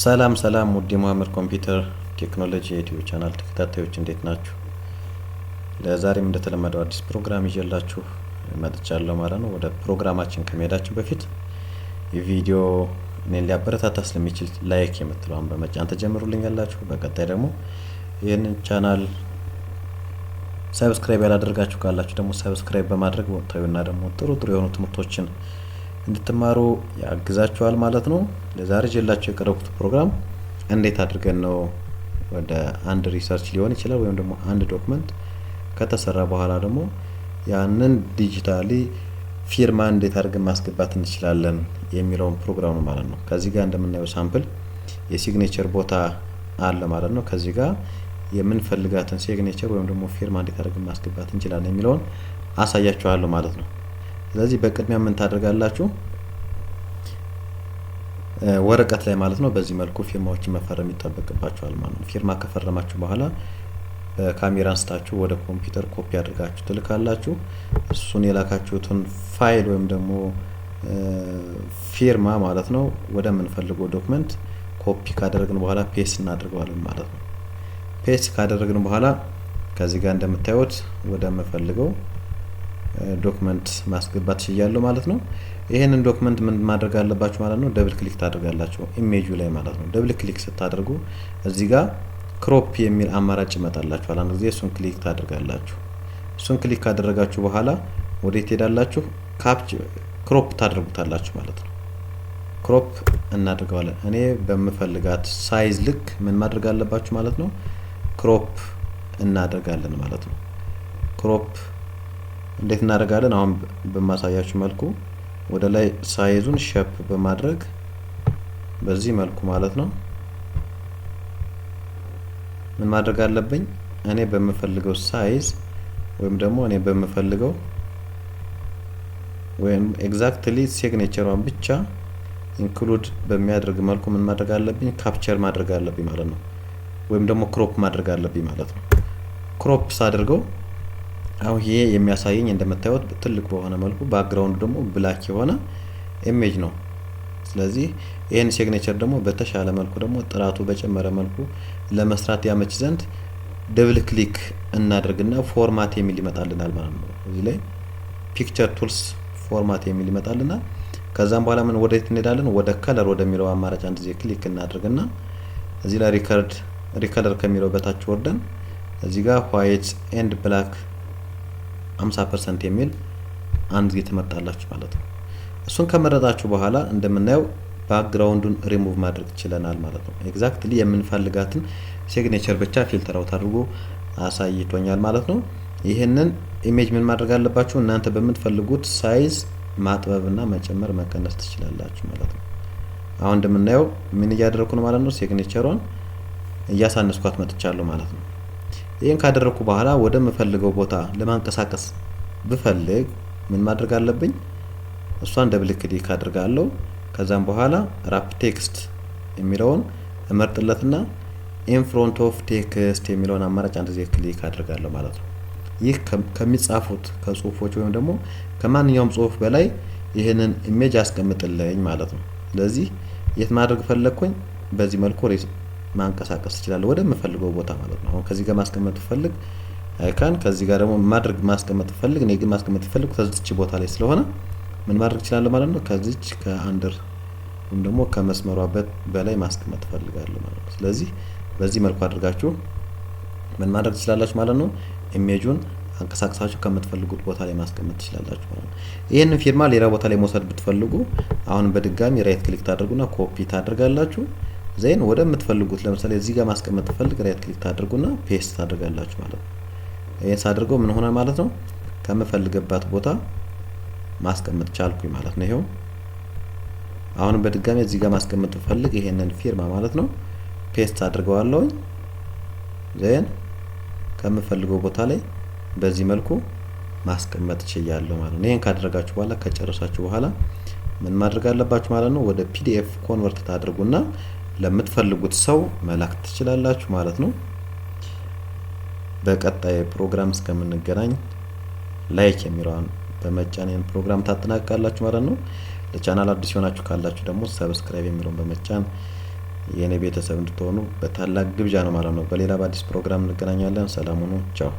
ሰላም ሰላም ውድ የሙሀመድ ኮምፒውተር ቴክኖሎጂ የዩቲዩብ ቻናል ተከታታዮች እንዴት ናችሁ? ለዛሬም እንደተለመደው አዲስ ፕሮግራም ይዤላችሁ መጥቻለሁ ማለት ነው። ወደ ፕሮግራማችን ከመሄዳችሁ በፊት ቪዲዮ እኔን ሊያበረታታ ስለሚችል ላይክ የምትለውን በመጫን ተጀምሩልኝ ያላችሁ። በቀጣይ ደግሞ ይህን ቻናል ሰብስክራይብ ያላደርጋችሁ ካላችሁ ደግሞ ሰብስክራይብ በማድረግ ወቅታዊና ደግሞ ጥሩ ጥሩ የሆኑ ትምህርቶችን እንድትማሩ ያግዛችኋል ማለት ነው። ለዛሬ ጀላችሁ የቀረብኩት ፕሮግራም እንዴት አድርገን ነው ወደ አንድ ሪሰርች ሊሆን ይችላል ወይም ደግሞ አንድ ዶክመንት ከተሰራ በኋላ ደግሞ ያንን ዲጂታሊ ፊርማ እንዴት አድርገን ማስገባት እንችላለን የሚለውን ፕሮግራም ነው ማለት ነው። ከዚህ ጋር እንደምናየው ሳምፕል የሲግኔቸር ቦታ አለ ማለት ነው። ከዚህ ጋር የምንፈልጋትን ሲግኔቸር ወይም ደግሞ ፊርማ እንዴት አድርገን ማስገባት እንችላለን የሚለውን አሳያችኋለሁ ማለት ነው። ስለዚህ በቅድሚያ ምን ታደርጋላችሁ? ወረቀት ላይ ማለት ነው። በዚህ መልኩ ፊርማዎችን መፈረም ይጠበቅባቸዋል ማለት ነው። ፊርማ ከፈረማችሁ በኋላ በካሜራ አንስታችሁ ወደ ኮምፒውተር ኮፒ አድርጋችሁ ትልካላችሁ። እሱን የላካችሁትን ፋይል ወይም ደግሞ ፊርማ ማለት ነው ወደ ምንፈልገው ዶክመንት ኮፒ ካደረግን በኋላ ፔስት እናደርገዋለን ማለት ነው። ፔስት ካደረግን በኋላ ከዚህ ጋር እንደምታዩት ወደ ምንፈልገው ዶክመንት ማስገባት ችያለሁ ማለት ነው። ይህንን ዶክመንት ምን ማድረግ አለባችሁ ማለት ነው? ደብል ክሊክ ታደርጋላችሁ ኢሜጁ ላይ ማለት ነው። ደብል ክሊክ ስታደርጉ እዚህ ጋር ክሮፕ የሚል አማራጭ ይመጣላችኋል። አንድ ጊዜ እሱን ክሊክ ታደርጋላችሁ። እሱን ክሊክ ካደረጋችሁ በኋላ ወዴት ትሄዳላችሁ? ካፕች ክሮፕ ታደርጉታላችሁ ማለት ነው። ክሮፕ እናደርገዋለን። እኔ በምፈልጋት ሳይዝ ልክ ምን ማድረግ አለባችሁ ማለት ነው። ክሮፕ እናደርጋለን ማለት ነው። ክሮፕ እንዴት እናደርጋለን? አሁን በማሳያችሁ መልኩ ወደ ላይ ሳይዙን ሸፕ በማድረግ በዚህ መልኩ ማለት ነው ምን ማድረግ አለብኝ? እኔ በምፈልገው ሳይዝ ወይም ደግሞ እኔ በምፈልገው ወይም ኤግዛክትሊ ሲግኔቸሯን ብቻ ኢንክሉድ በሚያደርግ መልኩ ምን ማድረግ አለብኝ? ካፕቸር ማድረግ አለብኝ ማለት ነው። ወይም ደግሞ ክሮፕ ማድረግ አለብኝ ማለት ነው። ክሮፕ ሳደርገው አሁን ይሄ የሚያሳየኝ እንደምታዩት ትልቅ በሆነ መልኩ ባክግራውንድ ደግሞ ብላክ የሆነ ኢሜጅ ነው። ስለዚህ ይህን ሲግኔቸር ደግሞ በተሻለ መልኩ ደግሞ ጥራቱ በጨመረ መልኩ ለመስራት ያመች ዘንድ ደብል ክሊክ እናደርግና ፎርማት የሚል ይመጣልናል ማለት ነው። እዚህ ላይ ፒክቸር ቱልስ ፎርማት የሚል ይመጣልናል። ከዛም በኋላ ምን ወደየት እንሄዳለን? ወደ ከለር ወደሚለው አማራጭ አንድ ዜ ክሊክ እናደርግና እዚህ ላይ ሪከርድ ሪከለር ከሚለው በታች ወርደን እዚህ ጋር ዋይት ኤንድ ብላክ 50 ፐርሰንት የሚል አንድ ጊዜ ትመርጣላችሁ ማለት ነው። እሱን ከመረጣችሁ በኋላ እንደምናየው ባክግራውንዱን ሪሙቭ ማድረግ ችለናል ማለት ነው። ኤግዛክትሊ የምንፈልጋትን ሲግኔቸር ብቻ ፊልተር አውት አድርጎ አሳይቶኛል ማለት ነው። ይህንን ኢሜጅ ምን ማድረግ አለባችሁ? እናንተ በምትፈልጉት ሳይዝ ማጥበብና መጨመር መቀነስ ትችላላችሁ ማለት ነው። አሁን እንደምናየው ምን እያደረግኩ ነው ማለት ነው። ሲግኔቸሯን እያሳነስኳት መጥቻለሁ ማለት ነው። ይህን ካደረግኩ በኋላ ወደምፈልገው ቦታ ለማንቀሳቀስ ብፈልግ ምን ማድረግ አለብኝ? እሷን ደብል ክሊክ አድርጋለሁ። ከዛም በኋላ ራፕ ቴክስት የሚለውን እመርጥለትና ኢንፍሮንት ኦፍ ቴክስት የሚለውን አማራጭ አንድ ጊዜ ክሊክ አድርጋለሁ ማለት ነው። ይህ ከሚጻፉት ከጽሁፎች ወይም ደግሞ ከማንኛውም ጽሁፍ በላይ ይህንን ኢሜጅ አስቀምጥልኝ ማለት ነው። ስለዚህ የት ማድረግ ፈለግኩኝ? በዚህ መልኩ ማንቀሳቀስ ትችላለህ ወደምፈልገው ቦታ ማለት ነው። አሁን ከዚህ ጋር ማስቀመጥ ብፈልግ አይካን ከዚህ ጋር ደግሞ ማድረግ ማስቀመጥ ብፈልግ እኔ ግን ማስቀመጥ ብፈልግ ከዚች ቦታ ላይ ስለሆነ ምን ማድረግ እችላለሁ ማለት ነው። ከዚች ከአንደር ወይም ደግሞ ከመስመሯ በላይ ማስቀመጥ እፈልጋለሁ ማለት ነው። ስለዚህ በዚህ መልኩ አድርጋችሁ ምን ማድረግ ትችላላችሁ ማለት ነው። ኢሜጁን አንቀሳቅሳችሁ ከምትፈልጉት ቦታ ላይ ማስቀመጥ ትችላላችሁ ማለት ነው። ይህንን ፊርማ ሌላ ቦታ ላይ መውሰድ ብትፈልጉ አሁን በድጋሚ ራይት ክሊክ ታደርጉና ኮፒ ታደርጋላችሁ። ዜን ወደምትፈልጉት ለምሳሌ እዚህ ጋር ማስቀመጥ ትፈልግ ራይት ክሊክ ታደርጉና ፔስት ታደርጋላችሁ ማለት ነው። ይህን ሳድርገው ምን ሆነ ማለት ነው ከምፈልግበት ቦታ ማስቀመጥ ቻልኩኝ ማለት ነው። ይሄው አሁንም በድጋሚ እዚህ ጋር ማስቀመጥ ብፈልግ ይሄንን ፊርማ ማለት ነው ፔስት አድርገዋለሁኝ። ዜን ከምፈልገው ቦታ ላይ በዚህ መልኩ ማስቀመጥ ችያለሁ ማለት ነው። ይህን ካደረጋችሁ በኋላ ከጨረሳችሁ በኋላ ምን ማድረግ አለባችሁ ማለት ነው ወደ ፒዲኤፍ ኮንቨርት ታድርጉና ለምትፈልጉት ሰው መላክ ትችላላችሁ ማለት ነው። በቀጣይ ፕሮግራም እስከምንገናኝ ላይክ የሚለውን በመጫን ፕሮግራም ታጠናቅቃላችሁ ማለት ነው። ለቻናል አዲስ የሆናችሁ ካላችሁ ደግሞ ሰብስክራይብ የሚለውን በመጫን የእኔ ቤተሰብ እንድትሆኑ በታላቅ ግብዣ ነው ማለት ነው። በሌላ በአዲስ ፕሮግራም እንገናኛለን። ሰላም ሁኑ። ቻው